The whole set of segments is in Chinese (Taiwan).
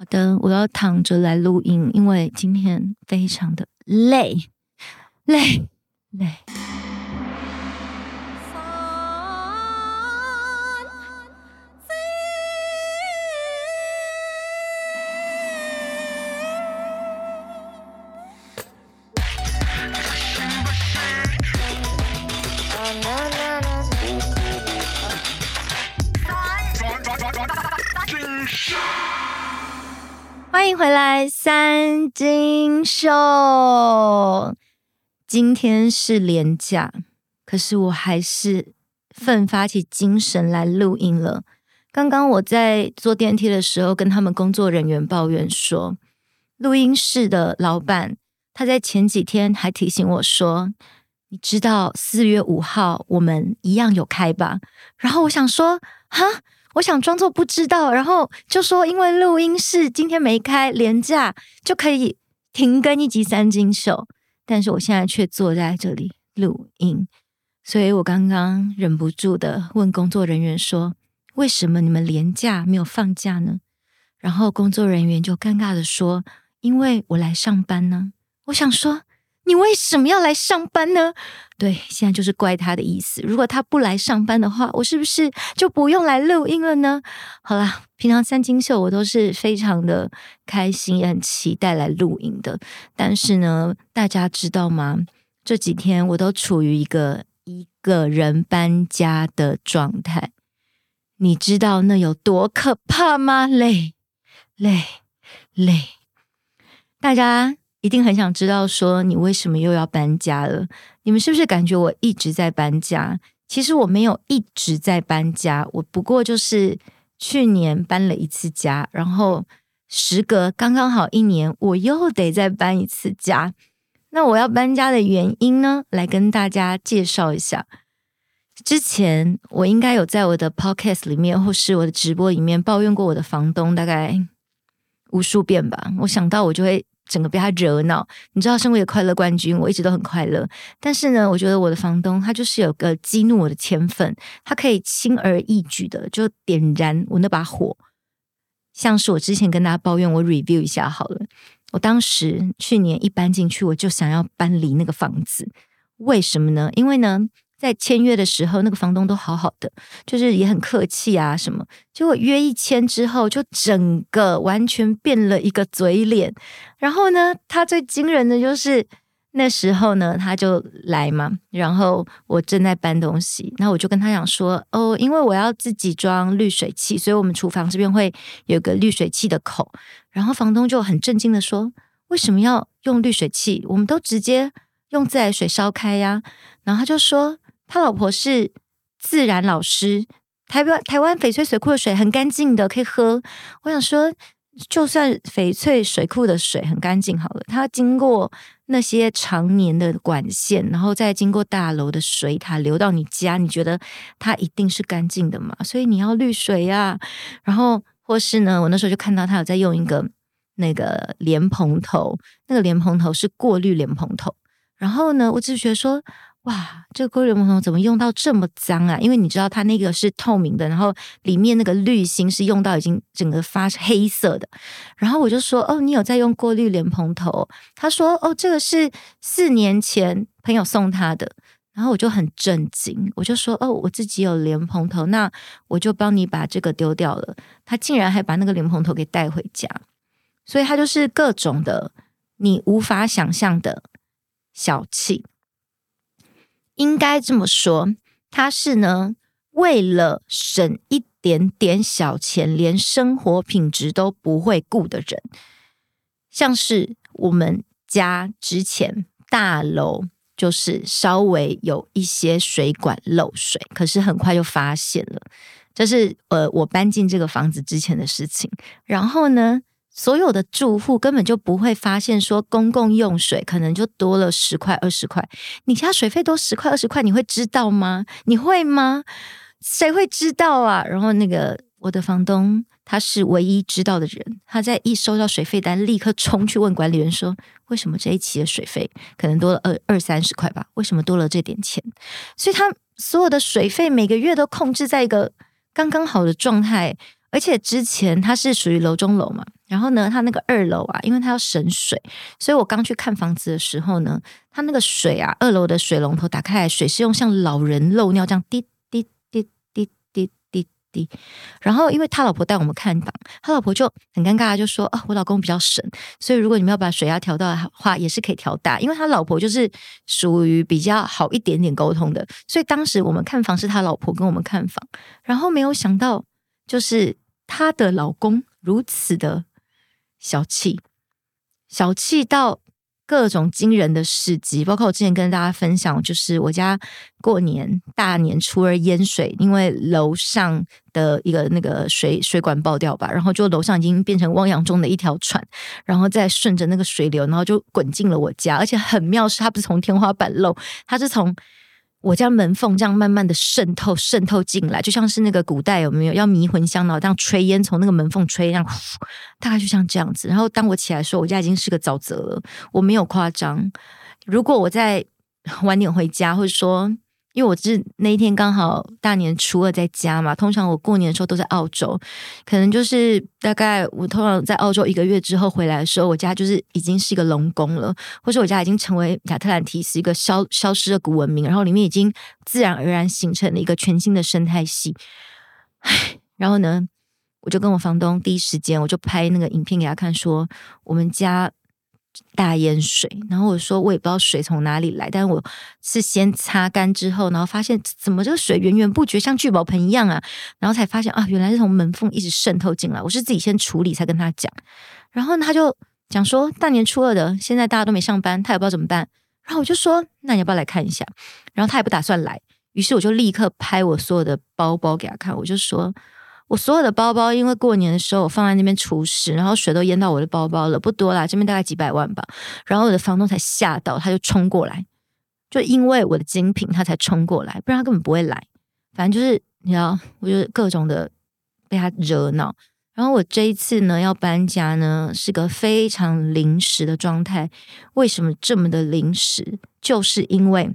好的，我要躺着來錄音，因為今天非常的累，累，累。歡迎回來，三金秀。今天是連假，可是我還是奮發起精神來錄音了。剛剛我在坐電梯的時候，跟他們工作人員抱怨說，錄音室的老板他在前幾天還提醒我說，你知道四月五號我們一樣有開吧？然後我想說，哈。我想裝作不知道，然後就說，因為錄音室今天沒開，連假，就可以停更一集《三金手》，但是我現在卻坐在這裡錄音，所以我剛剛忍不住的問工作人員說：“為什麼你們連假沒有放假呢？”然後工作人員就尷尬的說：“因為我來上班呢。”我想說。你為什麼要來上班呢？對，現在就是怪他的意思。如果他不來上班的話，我是不是就不用來錄音了呢？好啦，平常三金秀我都是非常的開心，也很期待來錄音的。但是呢，大家知道嗎？這幾天我都處於一個一個人搬家的狀態。你知道那有多可怕嗎？累，累，累！大家，一定很想知道，說你為什麼又要搬家了？你們是不是感覺我一直在搬家？其實我沒有一直在搬家，我不過就是去年搬了一次家，然後時隔剛剛好一年，我又得再搬一次家。那我要搬家的原因呢？來跟大家介紹一下。之前我應該有在我的 podcast 裡面或是我的直播裡面抱怨過我的房東，大概無數遍吧。我想到我就會。整個被他惹惱，你知道，身為一個快樂冠軍，我一直都很快樂。但是呢，我覺得我的房東他就是有個激怒我的天分，他可以輕而易舉的就點燃我那把火。像是我之前跟大家抱怨，我 review 一下好了。我當時去年一搬進去，我就想要搬離那個房子，為什麼呢？因為呢。在簽約的時候，那個房東都好好的，就是也很客氣啊，什麼結果約一簽之後，就整個完全變了一個嘴臉。然後呢，他最驚人的就是那時候呢，他就來嘛，然後我正在搬東西，那我就跟他講說：“哦，因為我要自己裝濾水器，所以我們廚房這邊會有個濾水器的口。”然後房東就很震驚的說：“為什麼要用濾水器？我們都直接用自來水燒開呀。”然後他就說。他老婆是自然老師。台灣台灣翡翠水庫的水很乾淨的，可以喝。我想說，就算翡翠水庫的水很乾淨，好了，它經過那些常年的管線，然後再經過大樓的水塔流到你家，你覺得它一定是乾淨的嗎？所以你要濾水呀、啊。然後或是呢，我那時候就看到他有在用一個那個蓮蓬頭，那個蓮蓬頭是過濾蓮蓬頭。然後呢，我只是覺得說。哇，這個過濾蓮蓬頭怎麼用到這麼髒啊？因為你知道它那個是透明的，然後裡面那個濾芯是用到已經整個發黑色的。然後我就說：“哦，你有在用過濾蓮蓬頭？”他說：“哦，這個是四年前朋友送他的。”然後我就很震驚，我就說：“哦，我自己有蓮蓬頭，那我就幫你把這個丟掉了。”他竟然還把那個蓮蓬頭給帶回家，所以他就是各種的你無法想象的小氣。應該這麼說，他是呢，為了省一點點小錢，連生活品質都不會顧的人。像是我們家之前大樓就是稍微有一些水管漏水，可是很快就發現了，這是呃我搬進這個房子之前的事情。然後呢？所有的住戶根本就不會發現，說公共用水可能就多了十塊二十塊。你家水費多十塊二十塊，你會知道嗎？你會嗎？誰會知道啊？然後那個我的房東他是唯一知道的人，他在一收到水費單，立刻衝去問管理員說：“為什麼這一期的水費可能多了二二三十塊吧？為什麼多了這點錢？”所以他所有的水費每個月都控制在一個剛剛好的狀態。而且之前他是屬於樓中樓嘛，然後呢，他那個二樓啊，因為他要省水，所以我剛去看房子的時候呢，他那個水啊，二樓的水龍頭打開來，水是用像老人漏尿這樣滴滴滴滴滴滴滴滴滴。然後因為他老婆帶我們看房，他老婆就很尷尬，就說：“啊、哦，我老公比較省，所以如果你們要把水壓、啊、調到的話，也是可以調大，因為他老婆就是屬於比較好一點點溝通的，所以當時我們看房是他老婆跟我們看房，然後沒有想到。”就是她的老公如此的小氣，小氣到各種驚人的事蹟。包括我之前跟大家分享，就是我家過年大年初二淹水，因為樓上的一個那個水水管爆掉吧，然後就樓上已經變成汪洋中的一條船，然後再順着那個水流，然後就滾進了我家。而且很妙是，他不是從天花板漏，他是從。我家門縫這樣慢慢的滲透滲透進來，就像是那個古代有沒有要迷魂香呢？這樣吹煙從那個門縫吹，這樣呼，大概就像這樣子。然後當我起來的時候，我家已經是個沼澤了，我沒有誇張。如果我再晚點回家，或者說。因為我是那一天剛好大年初二在家嘛，通常我過年的時候都在澳洲，可能就是大概我通常在澳洲一個月之後回來的時候，我家就是已經是一個龍宮了，或是我家已經成為亞特蘭提斯一個消消失的古文明，然後裡面已經自然而然形成了一個全新的生態系。唉，然後呢，我就跟我房東第一時間我就拍那個影片給他看，說我們家。大淹水，然後我說我也不知道水從哪裡來，但是我是先擦乾之後，然後發現怎麼這個水源源不絕，像聚寶盆一樣啊，然後才發現啊，原來是從門縫一直滲透進來。我是自己先處理，才跟他講，然後他就講說大年初二的，現在大家都沒上班，他也不知道怎麼辦。然後我就說，那你要不要來看一下？然後他也不打算來，於是我就立刻拍我所有的包包給他看，我就說。我所有的包包，因為過年的時候我放在那邊除濕，然後水都淹到我的包包了，不多啦，這邊大概幾百萬吧。然後我的房東才嚇到，他就衝過來，就因為我的精品，他才衝過來，不然他根本不會來。反正就是你知道，我就各種的被他惹惱。然後我這一次呢要搬家呢，是個非常臨時的狀態。為什麼這麼的臨時？就是因為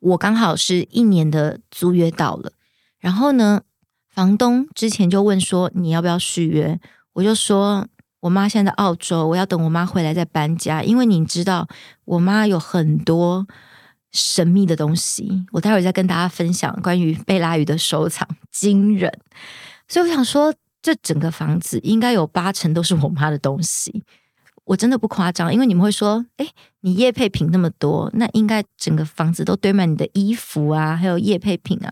我剛好是一年的租約到了，然後呢。房東之前就問說，你要不要續約？我就說我媽現在在澳洲，我要等我媽回來再搬家。因為你知道我媽有很多神秘的東西，我待會兒再跟大家分享關於貝拉魚的收藏驚人。所以我想說，這整個房子應該有八成都是我媽的東西。我真的不誇張，因為你們會說，誒，你業配品那麼多，那應該整個房子都堆滿你的衣服啊，還有業配品啊。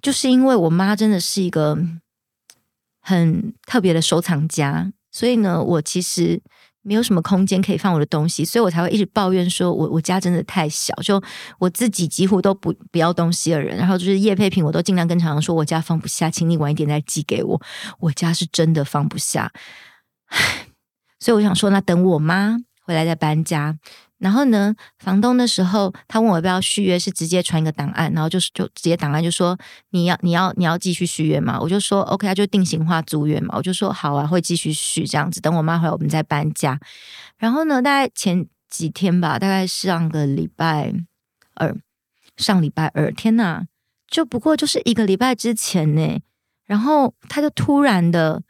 就是因為我媽真的是一個很特別的收藏家，所以呢，我其實沒有什麼空間可以放我的東西，所以我才會一直抱怨說我，我我家真的太小，就我自己幾乎都不不要東西的人。然後就是業配品，我都盡量跟廠商說，我家放不下，請你晚一點再寄給我，我家是真的放不下。唉，所以我想說，那等我媽回來再搬家。然後呢，房東的時候，他問我要不要續約，是直接傳一個檔案，然後就是就直接檔案就說你要你要你要繼續續約嘛，我就說 OK，他就定型化租約嘛，我就說好啊，會繼續續這樣子，等我媽回來我們再搬家。然後呢，大概前幾天吧，大概上個禮拜二，上禮拜二，天吶，就不過就是一個禮拜之前呢、欸，然後他就突然的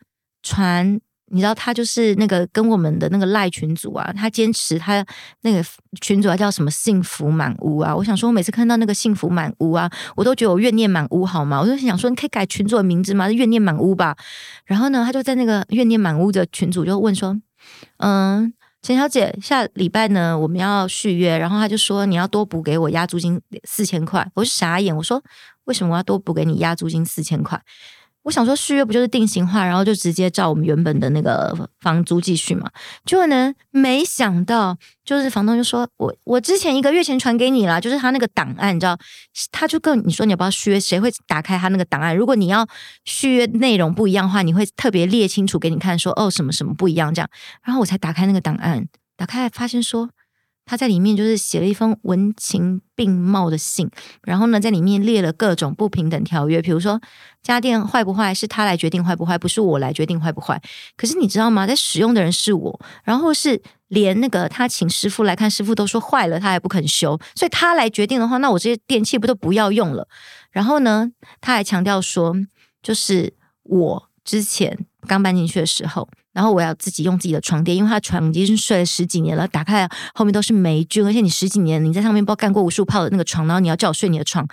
傳。你知道他就是那個跟我們的那個賴群組啊，他堅持他那個群組他叫什麼“幸福滿屋”啊？我想說，我每次看到那個“幸福滿屋”啊，我都覺得我怨念滿屋，好嗎？我就想說，你可以改群組的名字嗎？怨念滿屋吧。然後呢，他就在那個怨念滿屋的群組就問說：“嗯，陳小姐，下禮拜呢我們要續約，然後他就說你要多補給我押租金四千塊。”我就傻眼，我說：“為什麼我要多補給你押租金四千塊？”我想說續約不就是定型化，然後就直接照我們原本的那個房租繼續嘛。結果呢，沒想到就是房東就說我，我之前一個月前傳給你了，就是他那個檔案，你知道，他就跟你，你說你要不要續約，誰會打開他那個檔案？如果你要續約內容不一樣的話，你會特別列清楚給你看說，說哦什麼什麼不一樣這樣。然後我才打開那個檔案，打開發現說。他在裡面就是寫了一封文情並茂的信，然後呢，在裡面列了各種不平等條約，比如說家電壞不壞是他來決定壞不壞，不是我來決定壞不壞。可是你知道嗎？在使用的人是我，然後是連那個他請師傅來看，師傅都說壞了，他還不肯修，所以他來決定的話，那我這些電器不都不要用了？然後呢，他還強調說，就是我之前剛搬進去的時候。然後我要自己用自己的床墊，因為他床已經是睡了十幾年了，打開後面都是黴菌，而且你十幾年你在上面不幹過無數泡的那個床，然後你要叫我睡你的床，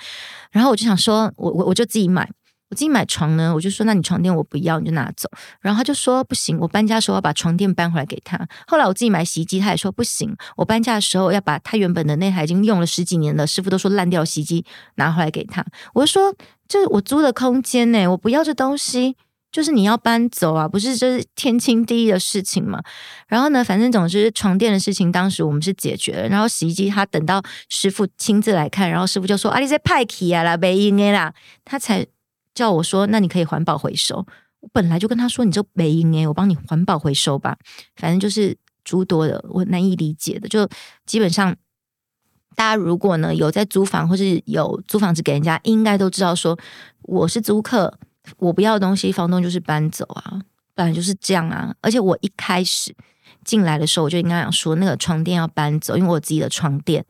然後我就想說，我我我就自己買，我自己買床呢，我就說，那你床墊我不要，你就拿走。然後他就說不行，我搬家的時候要把床墊搬回來給他。後來我自己買洗衣機，他也說不行，我搬家的時候要把他原本的那台已經用了十幾年了，師傅都說爛掉洗衣機拿回來給他。我就說，這是我租的空間呢、欸，我不要這東西。就是你要搬走啊，不是，就是天經地義的事情嘛？然後呢，反正總之床墊的事情，當時我們是解決了。然後洗衣機，他等到師傅親自來看，然後師傅就說：“啊，你在派氣啊啦，沒贏哎啦。”他才叫我說：“那你可以環保回收。”我本來就跟他說：“你就沒贏哎，我幫你環保回收吧。”反正就是諸多的，我難以理解的。就基本上，大家如果呢有在租房或是有租房子給人家，應該都知道說我是租客。我不要的東西，房東就是搬走啊，本來就是這樣啊。而且我一開始進來的時候，我就應該想說，那個床墊要搬走，因為我有自己的床墊。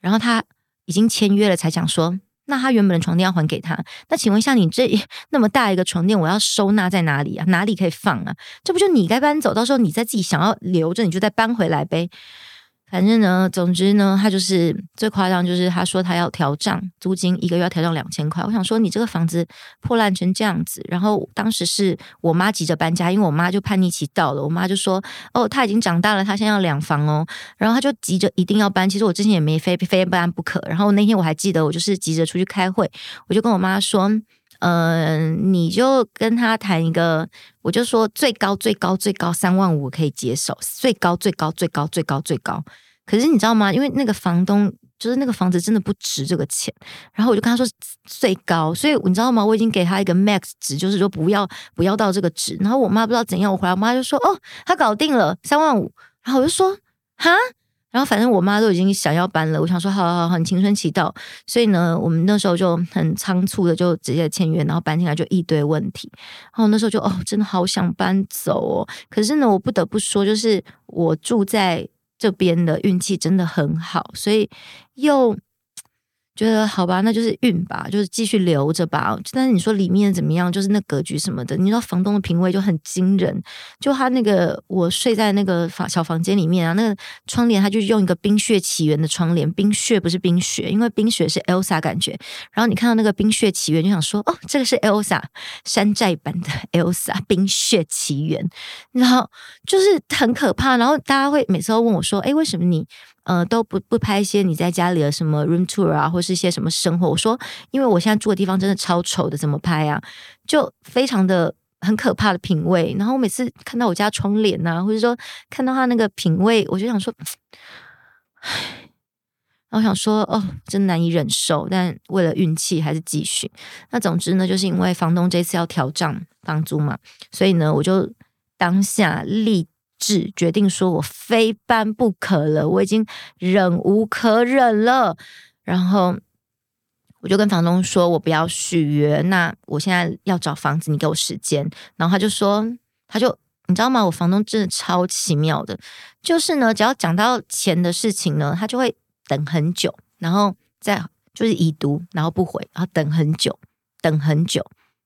然後他已經簽約了，才想說，那他原本的床墊要還給他。那請問一下，你這那麼大一個床墊，我要收納在哪裡啊？哪裡可以放啊？這不就你該搬走，到時候你在自己想要留着，你就再搬回來唄。反正呢，總之呢，他就是最誇張，就是他說他要調漲，租金，一個月要調漲兩千塊。我想說，你這個房子破爛成這樣子，然後當時是我媽急着搬家，因為我媽就叛逆期到了，我媽就說：“哦，她已經長大了，她現在要兩房哦。”然後她就急着一定要搬。其實我之前也沒非非搬不可。然後那天我還記得，我就是急着出去開會，我就跟我媽說。嗯、呃，你就跟他談一個，我就說最高最高最高三萬五可以接受，最高最高最高最高最高，最高。可是你知道嗎？因為那個房東就是那個房子真的不值這個錢，然後我就跟他說最高，所以你知道嗎？我已經給他一個 max 值，就是說不要不要到這個值。然後我媽不知道怎樣，我回來我媽就說，哦，他搞定了三萬五，然後我就說哈。然後反正我媽都已經想要搬了，我想說好，好，好，好，很青春期到，所以呢，我們那時候就很倉促的就直接簽約，然後搬進來就一堆問題，然後那時候就哦，真的好想搬走哦，可是呢，我不得不說，就是我住在這邊的運氣真的很好，所以又。覺得好吧，那就是運吧，就是繼續留着吧。但是你說裡面怎麼樣，就是那格局什麼的，你知道房東的品味就很驚人。就他那個，我睡在那個房小房間裡面啊，那個窗簾他就用一個《冰雪奇緣》的窗簾，《冰雪》不是《冰雪》，因為《冰雪》是 Elsa 感覺。然後你看到那個《冰雪奇緣》，就想說哦，這個是 Elsa 山寨版的 Elsa 冰雪奇緣，然後就是很可怕。然後大家會每次都問我說，誒、哎，為什麼你？呃，都不不拍一些你在家裡的什麼 room tour 啊，或是一些什麼生活。我說，因為我現在住的地方真的超醜的，怎麼拍啊？就非常的很可怕的品味。然後我每次看到我家窗簾啊，或者說看到他那個品味，我就想說，唉，然後我想說，哦，真難以忍受。但為了運氣，還是繼續。那總之呢，就是因為房東這次要調漲房租嘛，所以呢，我就當下立。只決定說，我非搬不可了，我已經忍無可忍了。然後我就跟房東說，我不要續約，那我現在要找房子，你給我時間。然後他就說，他就你知道嗎？我房東真的超奇妙的，就是呢，只要講到錢的事情呢，他就會等很久，然後再就是已讀，然後不回，然後等很久，等很久，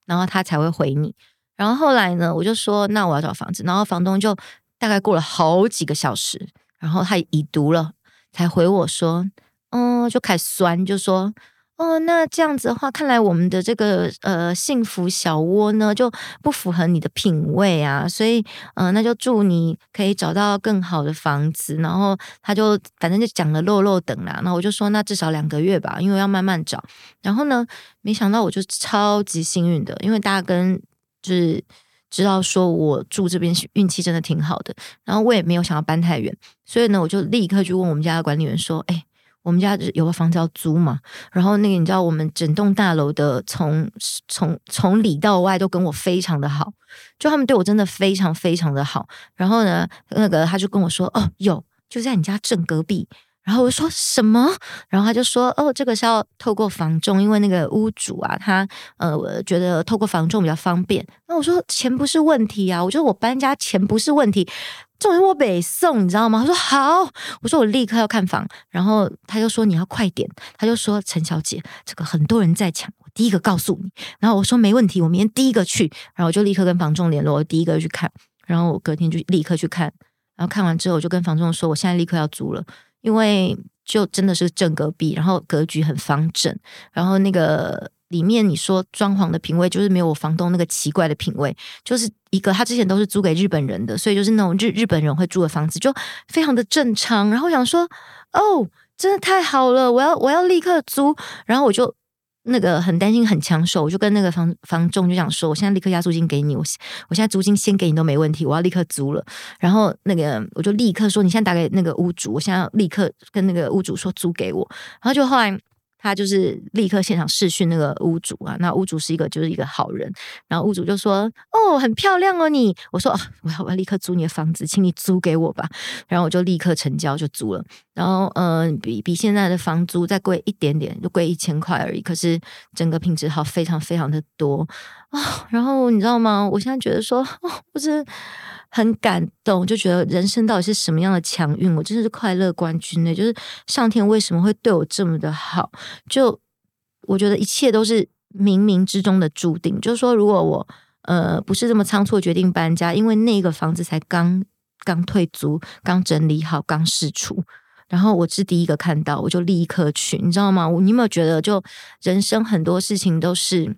然後他才會回你。然後後來呢，我就說，那我要找房子，然後房東就。大概過了好幾個小時，然後他已讀了，才回我說：“嗯、呃，就開酸，就說哦、呃，那這樣子的話，看來我們的這個呃幸福小窩呢就不符合你的品味啊，所以呃，那就祝你可以找到更好的房子。”然後他就反正就講了漏漏等啦，那我就說那至少兩個月吧，因為要慢慢找。然後呢，沒想到我就超級幸運的，因為大家跟就是。知道說我住這邊運氣真的挺好的，然後我也沒有想要搬太遠，所以呢，我就立刻去問我們家的管理員說：“誒、哎，我們家有個房子要租嘛？”然後那個你知道，我們整棟大樓的從從從裡到外都跟我非常的好，就他們對我真的非常非常的好。然後呢，那個他就跟我說：“哦，有，就在你家正隔壁。”然後我說什麼？然後他就說：“哦，這個是要透過房仲，因為那個屋主啊，他呃我覺得透過房仲比較方便。”那我說：“錢不是問題啊，我覺得我搬家錢不是問題，重點我北送，你知道嗎？”他說：“好。”我說：“我立刻要看房。”然後他就說：“你要快點。”他就說：“陳小姐，這個很多人在搶，我第一個告訴你。”然後我說：“沒問題，我明天第一個去。”然後我就立刻跟房仲聯絡，我第一個去看。然後我隔天就立刻去看。然後看完之後，我就跟房仲說：“我現在立刻要租了。”因為就真的是正隔壁，然後格局很方正，然後那個裡面你說裝潢的品味就是沒有我房東那個奇怪的品味，就是一個他之前都是租給日本人的，所以就是那種日日本人會租的房子，就非常的正常。然後想說，哦，真的太好了，我要我要立刻租，然後我就。那個很擔心很搶手，我就跟那個房房仲就想說，我現在立刻押租金給你，我我現在租金先給你都沒問題，我要立刻租了。然後那個我就立刻說，你現在打給那個屋主，我現在立刻跟那個屋主說租給我。然後就後來他就是立刻現場視訊那個屋主啊，那屋主是一個就是一個好人，然後屋主就說，哦，很漂亮哦你，我說我要我要立刻租你的房子，請你租給我吧。然後我就立刻成交就租了。然後，呃，比比現在的房租再貴一點點，就貴一千塊而已。可是整個品質好，非常非常的多啊、哦。然後你知道嗎？我現在覺得說，哦、我真的很感動，就覺得人生到底是什麼樣的強運？我真的是快樂冠軍呢。就是上天為什麼會對我這麼的好？就我覺得一切都是冥冥之中的注定。就是說，如果我呃不是這麼倉促決定搬家，因為那個房子才剛剛退租，剛整理好，剛釋出。然後我是第一個看到，我就立刻去，你知道嗎？我你有沒有覺得，就人生很多事情都是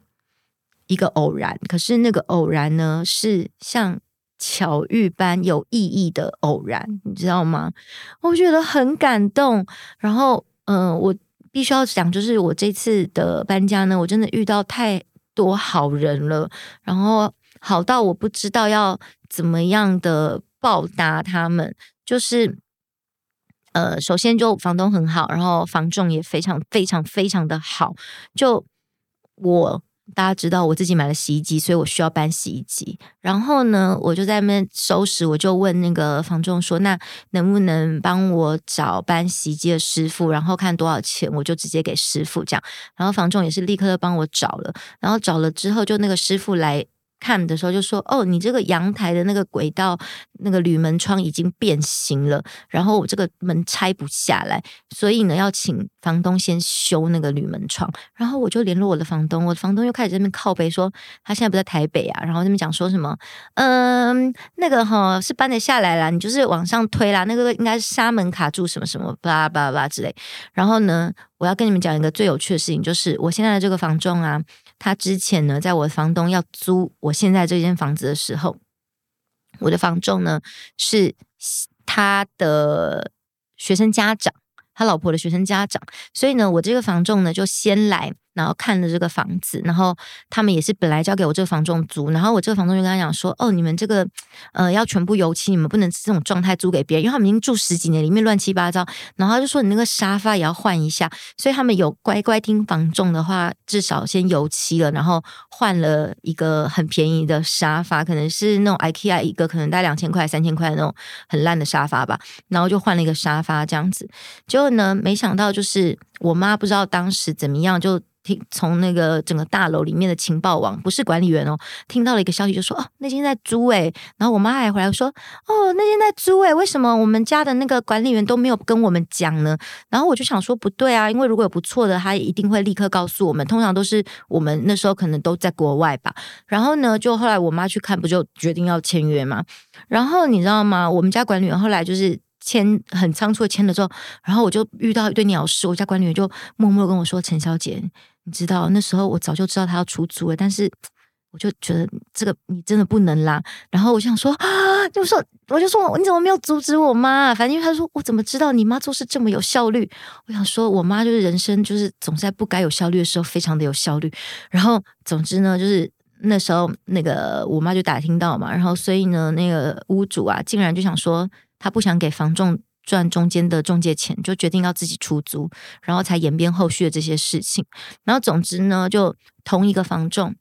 一個偶然，可是那個偶然呢，是像巧遇般有意義的偶然，你知道嗎？我覺得很感動。然後，嗯、呃，我必須要講，就是我這次的搬家呢，我真的遇到太多好人了，然後好到我不知道要怎麼樣的報答他們，就是。呃，首先就房東很好，然後房仲也非常、非常、非常的好。就我，大家知道，我自己買了洗衣機，所以我需要搬洗衣機。然後呢，我就在那邊收拾，我就問那個房仲說：“那能不能幫我找搬洗衣機的師傅？然後看多少錢，我就直接給師傅講。”然後房仲也是立刻幫我找了。然後找了之後，就那個師傅來。看的時候就說：“哦，你這個陽台的那個軌道、那個鋁門窗已經變形了，然後我這個門拆不下來，所以呢，要請房東先修那個鋁門窗。”然後我就聯絡我的房東，我的房東又開始在那邊靠北說：“他現在不在台北啊，然後那邊講說什麼？嗯，那個齁是搬得下來啦，你就是往上推啦，那個應該是紗門卡住什麼什麼吧吧吧之類。”然後呢，我要跟你們講一個最有趣的事情，就是我現在的這個房仲啊。他之前呢，在我房東要租我現在這間房子的時候，我的房仲呢，是他的學生家長，他老婆的學生家長，所以呢，我這個房仲呢就先來。然後看了這個房子，然後他們也是本來交給我這個房仲租，然後我這個房仲就跟他講說：“哦，你們這個呃要全部油漆，你們不能這種狀態租給別人，因為他們已經住十幾年，裡面亂七八糟。”然後他就說：“你那個沙發也要換一下。”所以他們有乖乖聽房仲的話，至少先油漆了，然後換了一個很便宜的沙發，可能是那種 IKEA 一個可能大概兩千塊、三千塊的那種很爛的沙發吧，然後就換了一個沙發這樣子。結果呢，沒想到就是。我媽不知道當時怎麼樣，就聽從那個整個大樓裡面的情報網，不是管理員哦，聽到了一個消息，就說哦，那間在租誒。然後我媽還回來說哦，那間在租誒，為什麼我們家的那個管理員都沒有跟我們講呢？然後我就想說不對啊，因為如果有不錯的，她一定會立刻告訴我們。通常都是我們那時候可能都在國外吧。然後呢，就後來我媽去看，不就決定要簽約嗎？然後你知道嗎？我們家管理員後來就是。簽很倉促的簽了之後，然後我就遇到一對鳥事。我家管理員就默默跟我說：“陳小姐，你知道那時候我早就知道他要出租了，但是我就覺得這個你真的不能啦。”然後我就想說啊，就說我就說，我你怎麼沒有阻止我媽啊？反正因為他說我怎麼知道你媽做事這麼有效率？我想說我媽就是人生就是總在不該有效率的時候非常的有效率。然後總之呢，就是那時候那個我媽就打聽到嘛，然後所以呢，那個屋主啊竟然就想說。他不想給房仲賺中間的仲介錢，就決定要自己出租，然後才演變後續的這些事情。然後總之呢，就同一個房仲，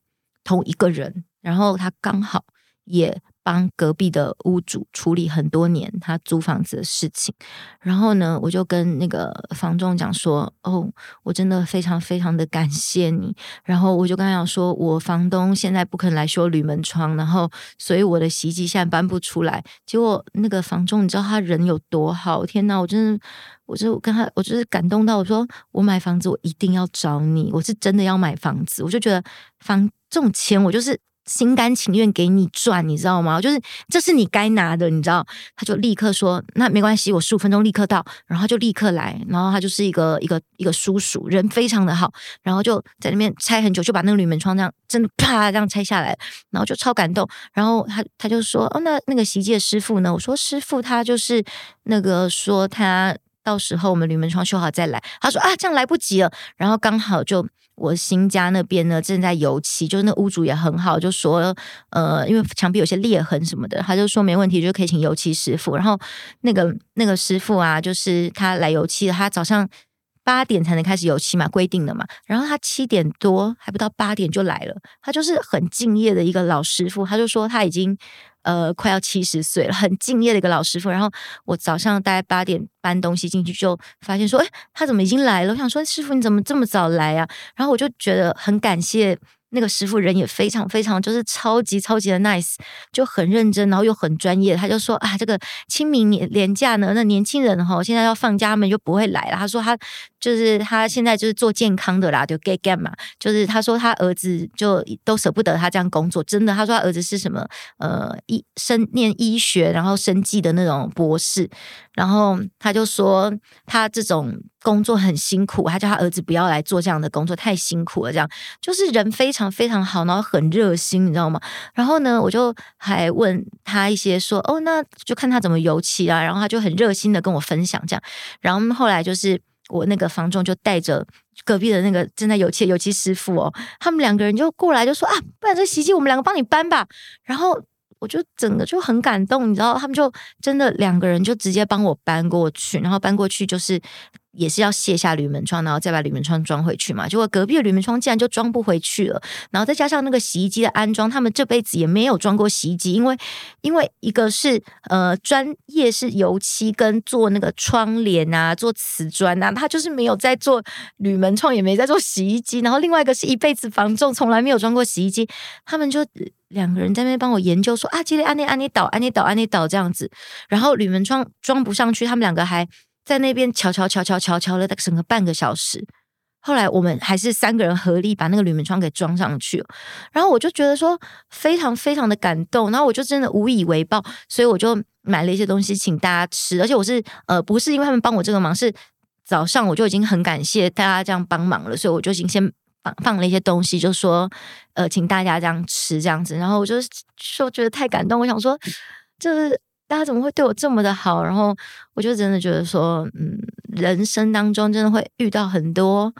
同一個人，然後他剛好也。幫隔壁的屋主處理很多年他租房子的事情，然後呢，我就跟那個房仲講說：“哦，我真的非常非常的感謝你。”然後我就跟他講說，我房東現在不肯來修鋁門窗，然後所以我的洗衣機現在搬不出來。結果那個房仲，你知道他人有多好？天吶，我真的，我就跟他，我就是感動到我說：“我買房子，我一定要找你，我是真的要買房子。”我就覺得房仲這種錢，我就是。心甘情願給你賺，你知道嗎？就是這是你該拿的，你知道？他就立刻說：“那沒關係，我十五分鐘立刻到。”然後就立刻來，然後他就是一個一個一個叔叔，人非常的好。然後就在那邊拆很久，就把那個鋁門窗這樣真的啪這樣拆下來，然後就超感動。然後他他就說：“哦，那那個洗衣機的師傅呢？”我說：“師傅他就是那個說他到時候我們鋁門窗修好再來。”他說：“啊，這樣來不及了。”然後剛好就。我新家那邊呢，正在油漆，就是那屋主也很好，就說，呃，因為牆壁有些裂痕什麼的，他就說沒問題，就可以請油漆師傅。然後那個那個師傅啊，就是他來油漆，他早上。八點才能開始，有起碼規定的嘛，然後他七點多還不到八點就來了，他就是很敬業的一個老師傅，他就說他已經呃快要七十歲了，很敬業的一個老師傅。然後我早上大概八點搬東西進去，就發現說，誒、欸，他怎麼已經來了？我想說，師傅你怎麼這麼早來呀、啊？然後我就覺得很感謝。那個師傅人也非常非常，就是超級超級的 nice，就很認真，然後又很專業。他就說啊，這個清明連假呢，那年輕人哈，現在要放假，他們就不會來了。他說他就是他現在就是做健康的啦，就 get 幹嘛？就是他說他兒子就都捨不得他這樣工作，真的。他說他兒子是什麼？呃，醫生念醫學，然後生技的那種博士。然後他就說他這種。工作很辛苦，他叫他兒子不要來做這樣的工作，太辛苦了。這樣就是人非常非常好，然後很熱心，你知道嗎？然後呢，我就還問他一些說，哦，那就看他怎麼油漆啊。然後他就很熱心的跟我分享這樣。然後後來就是我那個房仲就帶着隔壁的那個正在油漆油漆師傅哦，他們兩個人就過來就說啊，不然這洗衣機我們兩個幫你搬吧。然後我就整個就很感動，你知道，他們就真的兩個人就直接幫我搬過去，然後搬過去就是。也是要卸下鋁門窗，然後再把鋁門窗裝回去嘛？結果隔壁的鋁門窗竟然就裝不回去了。然後再加上那個洗衣機的安裝，他們這輩子也沒有裝過洗衣機，因為因為一個是呃專業是油漆跟做那個窗簾啊，做瓷磚啊，他就是沒有在做鋁門窗，也沒在做洗衣機。然後另外一個是一輩子房仲，從來沒有裝過洗衣機。他們就呃、兩個人在那邊幫我研究說啊，今天安呢安呢倒，安呢倒，安呢倒這樣子。然後鋁門窗裝不上去，他們兩個還。在那邊敲敲敲敲敲，敲了整個半個小時，後來我們還是三個人合力把那個鋁門窗給裝上去，然後我就覺得說非常非常的感動，然後我就真的無以為報，所以我就買了一些東西請大家吃。而且我是呃不是因為他們幫我這個忙，是早上我就已經很感謝大家這樣幫忙了，所以我就已經先放放了一些東西，就說呃請大家這樣吃這樣子。然後我就說覺得太感動，我想說就是。大家怎麼會對我這麼的好？然後我就真的覺得說，嗯，人生當中真的會遇到很多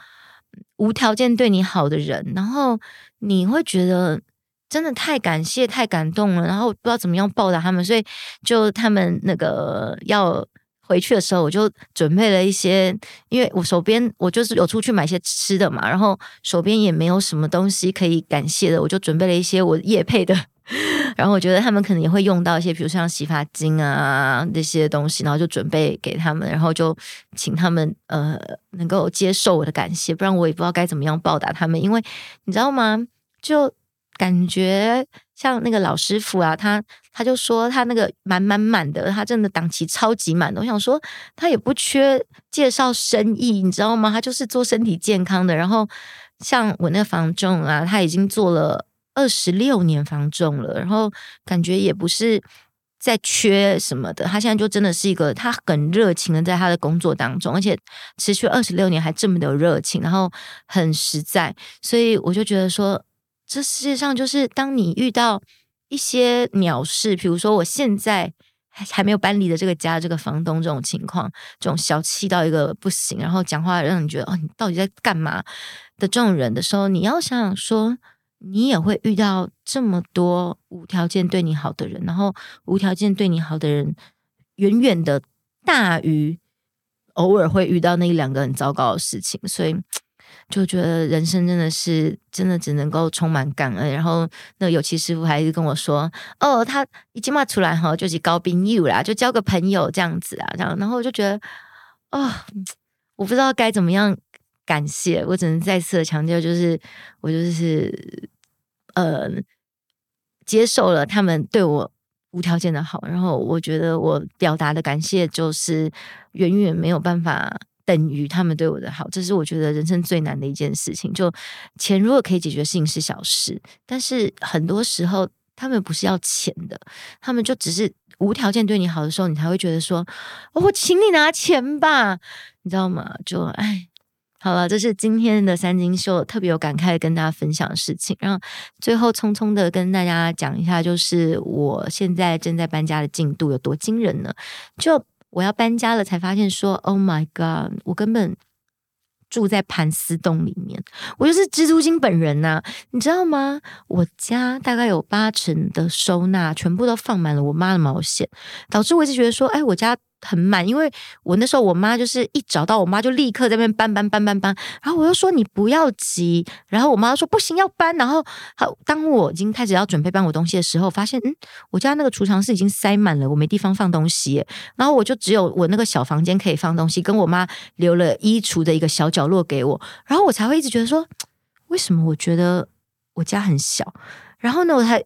無條件對你好的人，然後你會覺得真的太感謝、太感動了，然後不知道怎麼樣報答他們，所以就他們那個要回去的時候，我就準備了一些，因為我手邊我就是有出去買些吃的嘛，然後手邊也沒有什麼東西可以感謝的，我就準備了一些我業配的。然後我覺得他們可能也會用到一些，比如像洗髮精啊這些東西，然後就準備給他們，然後就請他們呃能夠接受我的感謝，不然我也不知道該怎麼樣報答他們。因為你知道嗎？就感覺像那個老師傅啊，他他就說他那個滿滿滿的，他真的檔期超級滿的。我想說他也不缺介紹生意，你知道嗎？他就是做身體健康的。然後像我那個房仲啊，他已經做了。二十六年房仲了，然後感覺也不是在缺什麼的。他現在就真的是一個，他很熱情的在他的工作當中，而且持續二十六年還這麼的熱情，然後很實在。所以我就覺得說，這世界上就是當你遇到一些鳥事，比如說我現在還，還沒有搬離的這個家，這個房東這種情況，這種小氣到一個不行，然後講話讓你覺得哦，你到底在幹嘛的這種人的時候，你要想想說。你也會遇到這麼多無條件對你好的人，然後無條件對你好的人遠遠的大於偶爾會遇到那一兩個很糟糕的事情，所以就覺得人生真的是真的只能夠充滿感恩。然後那油漆師傅還是跟我說：“哦，他一進嘛出來哈，就是高兵友啦，就交個朋友這樣子啊。這樣”然後然後我就覺得，哦，我不知道該怎麼樣感謝，我只能再次的強調，就是我就是。呃，接受了他們對我無條件的好，然後我覺得我表達的感謝就是遠遠沒有辦法等於他們對我的好，這是我覺得人生最難的一件事情。就錢如果可以解決事情是小事，但是很多時候他們不是要錢的，他們就只是無條件對你好的時候，你才會覺得說，哦，我請你拿錢吧，你知道嗎？就哎。唉好了，這是今天的三金秀，特別有感慨跟大家分享的事情。然後最後匆匆的跟大家講一下，就是我現在正在搬家的進度有多驚人呢？就我要搬家了，才發現說，Oh my god，我根本住在盤絲洞裡面，我就是蜘蛛精本人吶、啊，你知道嗎？我家大概有八成的收納全部都放滿了我媽的毛線，導致我一直覺得說，哎，我家。很滿，因為我那時候我媽就是一找到我媽就立刻在那邊搬搬搬搬搬，然後我就說，你不要急，然後我媽說不行要搬，然後好，當我已經開始要準備搬我東西的時候，發現嗯，我家那個儲藏室已經塞滿了，我沒地方放東西，然後我就只有我那個小房間可以放東西，跟我媽留了衣櫥的一個小角落給我，然後我才會一直覺得說，為什麼我覺得我家很小，然後呢，我還。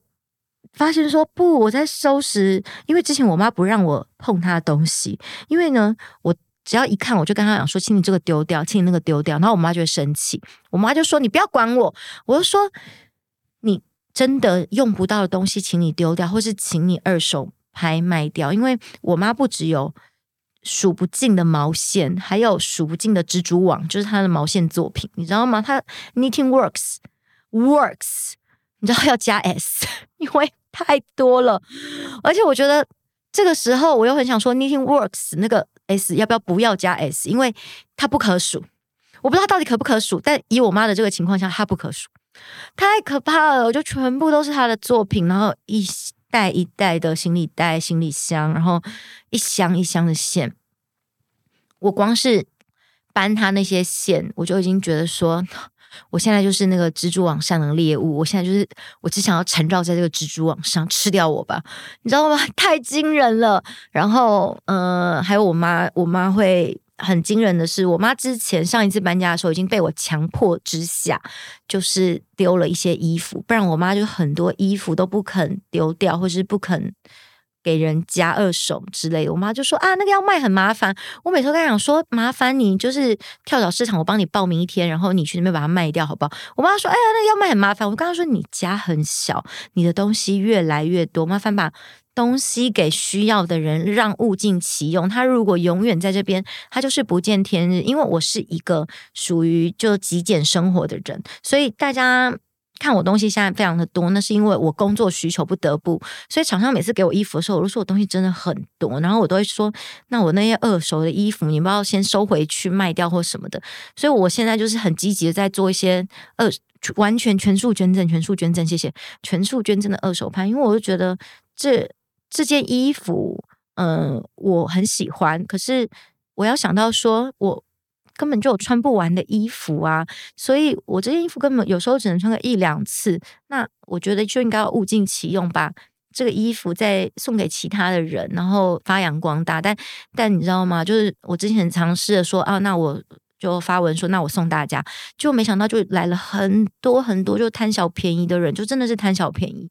發現說不，我在收拾，因為之前我媽不讓我碰她的東西，因為呢，我只要一看，我就跟她講說，請你這個丟掉，請你那個丟掉，然後我媽就會生氣。我媽就說你不要管我，我就說你真的用不到的東西，請你丟掉，或是請你二手拍賣掉。因為我媽不只有數不盡的毛線，還有數不盡的蜘蛛網，就是她的毛線作品，你知道嗎？她 knitting works works，你知道要加 s，因為太多了，而且我覺得這個時候我又很想說，knitting works 那個 s 要不要不要加 s，因為它不可數。我不知道它到底可不可數，但以我媽的這個情況下，它不可數，太可怕了。我就全部都是他的作品，然後一袋一袋的行李袋、行李箱，然後一箱一箱的線。我光是搬他那些線，我就已經覺得說。我現在就是那個蜘蛛網上的獵物，我現在就是我只想要纏繞在這個蜘蛛網上，吃掉我吧，你知道嗎？太驚人了。然後，嗯、呃，還有我媽，我媽會很驚人的是，我媽之前上一次搬家的時候已經被我強迫之下，就是丟了一些衣服，不然我媽就很多衣服都不肯丟掉，或是不肯。給人家二手之類的，我媽就說啊，那個要賣很麻煩。我每次跟她講說，麻煩你就是跳蚤市場，我幫你報名一天，然後你去那邊把它賣掉，好不好？我媽說，哎呀，那個要賣很麻煩。我剛剛說，你家很小，你的東西越來越多，麻煩把東西給需要的人，讓物盡其用。他如果永遠在這邊，他就是不見天日。因為我是一個屬於就極簡生活的人，所以大家。看我東西現在非常的多，那是因為我工作需求不得不，所以廠商每次給我衣服的時候，我都說我東西真的很多，然後我都會說，那我那些二手的衣服，你不要先收回去賣掉或什麼的。所以我現在就是很積極的在做一些二完全全數捐贈、全數捐贈謝謝，全數捐贈的二手拍，因為我就覺得這這件衣服，嗯、呃、我很喜歡，可是我要想到說我。根本就有穿不完的衣服啊，所以我這件衣服根本有時候只能穿個一兩次。那我覺得就應該要物盡其用吧，這個衣服再送給其他的人，然後發揚光大。但但你知道嗎？就是我之前很嘗試的說啊，那我就發文說，那我送大家，就沒想到就來了很多很多就貪小便宜的人，就真的是貪小便宜。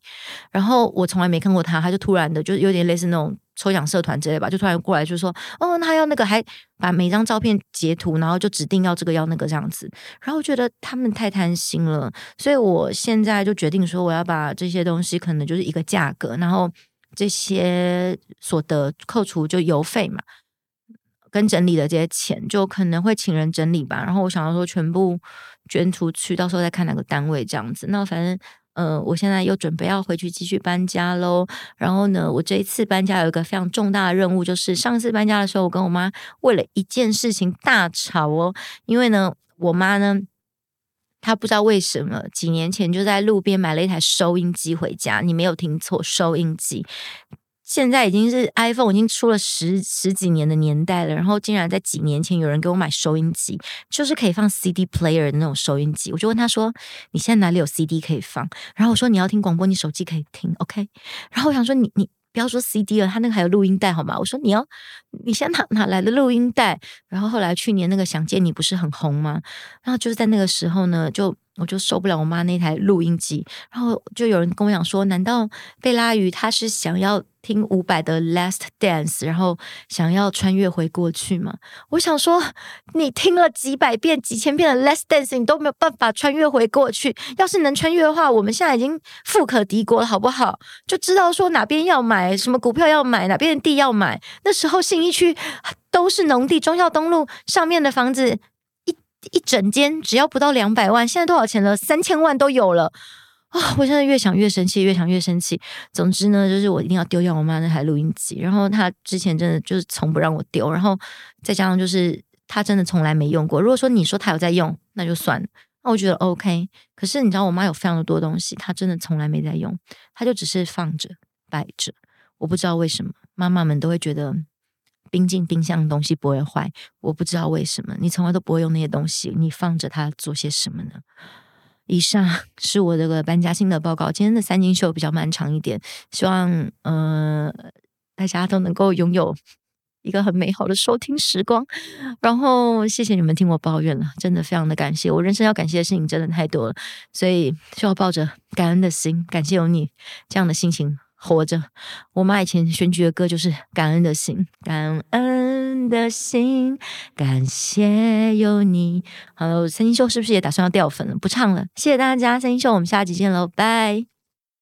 然後我從來沒看過他，他就突然的就有點類似那種。抽獎社團之類吧，就突然過來就說：“哦，那他要那個，還把每張照片截圖，然後就指定要這個要那個這樣子。”然後我覺得他們太貪心了，所以我現在就決定說，我要把這些東西可能就是一個價格，然後這些所得扣除就郵費嘛，跟整理的這些錢，就可能會請人整理吧。然後我想要說，全部捐出去，到時候再看哪個單位這樣子。那反正。呃，我現在又準備要回去繼續搬家嘍。然後呢，我這一次搬家有一個非常重大的任務，就是上次搬家的時候，我跟我媽為了一件事情大吵哦。因為呢，我媽呢，她不知道為什麼幾年前就在路邊買了一台收音機回家，你沒有聽錯，收音機。現在已經是 iPhone 已經出了十十幾年的年代了，然後竟然在幾年前有人給我買收音機，就是可以放 CD player 的那種收音機，我就問他說：“你現在哪裡有 CD 可以放？”然後我說：“你要聽廣播，你手機可以聽，OK？” 然後我想說：“你你不要說 CD 了，他那個還有錄音帶，好嗎？”我說：“你要，你現在哪哪來的錄音帶？”然後後來去年那個想見你不是很紅嗎？然後就是在那個時候呢，就。我就受不了我媽那台錄音機，然後就有人跟我講說：“難道貝拉魚他是想要聽伍佰的《Last Dance》，然後想要穿越回過去嗎？”我想說：“你聽了幾百遍、幾千遍的《Last Dance》，你都沒有辦法穿越回過去。要是能穿越的話，我們現在已經富可敵國了，好不好？就知道說哪邊要買什麼股票要買，哪邊的地要買。那時候信義區都是農地，忠孝東路上面的房子。”一整間只要不到兩百萬，現在多少錢了？三千萬都有了啊、哦！我現在越想越生氣，越想越生氣。總之呢，就是我一定要丟掉我媽那台錄音機。然後她之前真的就是從不讓我丟，然後再加上就是她真的從來沒用過。如果說你說她有在用，那就算了。那我覺得 OK。可是你知道，我媽有非常多東西，她真的從來沒在用，她就只是放着擺着。我不知道為什麼媽媽們都會覺得。冰進冰箱的東西不會壞，我不知道為什麼。你從來都不會用那些東西，你放着它做些什麼呢？以上是我這個搬家心得報告。今天的三金秀比較漫長一點，希望呃大家都能夠擁有一個很美好的收聽時光。然後謝謝你們聽我抱怨了，真的非常的感謝。我人生要感謝的事情真的太多了，所以需要抱着感恩的心，感謝有你這樣的心情。活着，我媽以前選舉的歌就是《感恩的心》，感恩的心，感謝有你。好，陳沂秀是不是也打算要掉粉了？不唱了，謝謝大家，陳沂秀，我們下集見嘍，拜拜。